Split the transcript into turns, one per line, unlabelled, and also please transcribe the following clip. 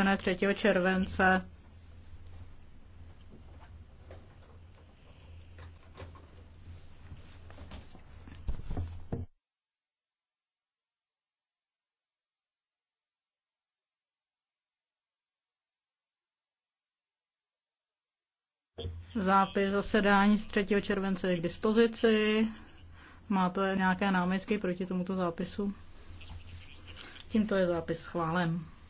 ne 3. července. Zápis zasedání z 3. července je k dispozici. Má to nějaké námitky proti tomuto zápisu? Tímto je zápis schválen.